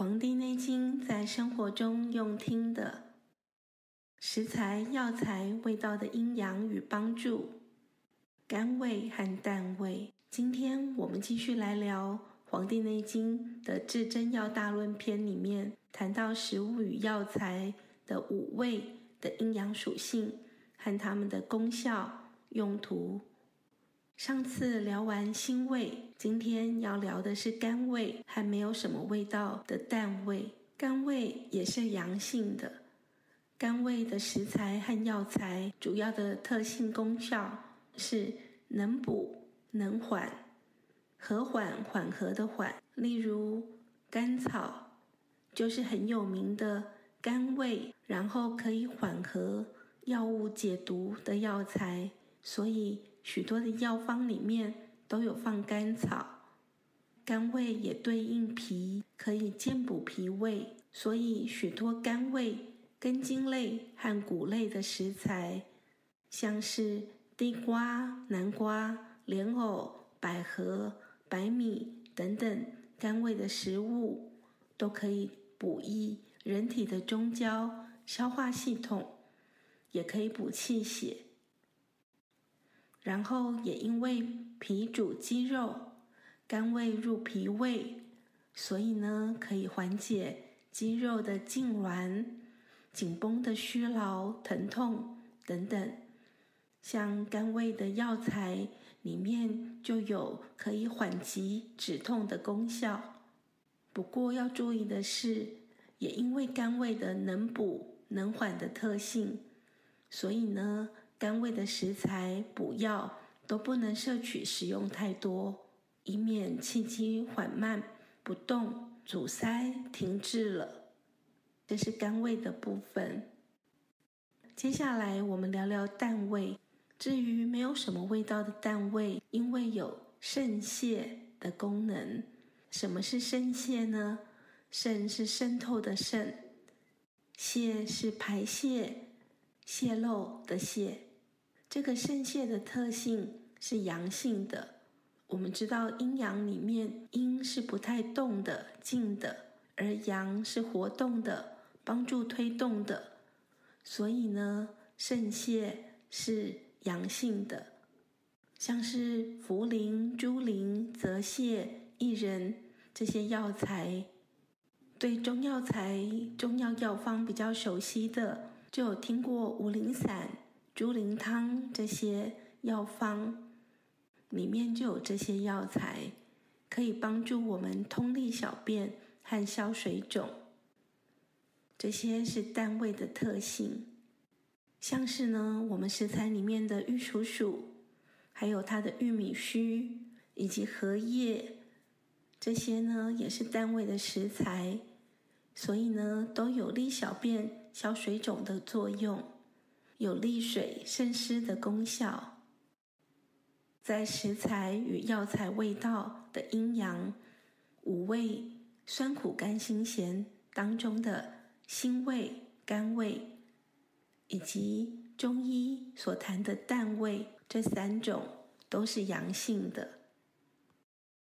《黃帝內經》在生活中用聽的，食材、藥材味道的陰陽與幫助，甘味和淡味。今天我們繼續來聊《黃帝內經》的《至真藥大論篇》裡面談到食物與藥材的五味的陰陽屬性和它們的功效用途。上次聊完辛味，今天要聊的是甘味，和沒有什麼味道的淡味。甘味也是陽性的，甘味的食材和藥材主要的特性功效是能補能緩，和緩緩和的緩。例如甘草，就是很有名的甘味，然後可以緩和藥物解毒的藥材，所以，許多的藥方裡面都有放甘草，甘味也對應脾，可以健補脾胃。所以，許多甘味、根莖類和穀類的食材，像是地瓜、南瓜、蓮藕、百合、白米等等，甘味的食物都可以補益人體的中焦消化系統，也可以補氣血。然後也因為脾主肌肉，甘味入脾胃，所以呢，可以緩解肌肉的痙攣、緊繃的虛勞、疼痛等等。像甘味的藥材裡面就有可以緩急止痛的功效。不過要注意的是，也因為甘味的能補能緩的特性，所以呢，甘味的食材、補藥都不能攝取食用太多，以免氣機緩慢不動、阻塞停滯了。這是甘味的部分。接下來我們聊聊淡味。至於沒有什麼味道的淡味，因為有滲泄的功能。什麼是滲泄呢？滲是滲透的滲，泄是排泄、洩漏的泄。這個滲泄的特性是陽性的。我們知道陰陽裡面，陰是不太動的、靜的，而陽是活動的、幫助推動的。所以呢，滲泄是陽性的，像是茯苓、豬苓、澤瀉、薏仁這些藥材，對中藥材、中藥藥方比較熟悉的，就有聽過五苓散。豬苓湯這些藥方裡面就有這些藥材，可以幫助我們通利小便和消水腫。這些是淡味的特性，像是呢，我們食材裡面的玉蜀黍，還有它的玉米鬚以及荷葉，這些呢也是淡味的食材，所以呢都有利小便、消水腫的作用。有利水滲濕的功效。在食材與藥材味道的陰陽、五味、酸苦甘辛鹹當中的辛味、甘味以及中醫所談的淡味，這三種都是陽性的。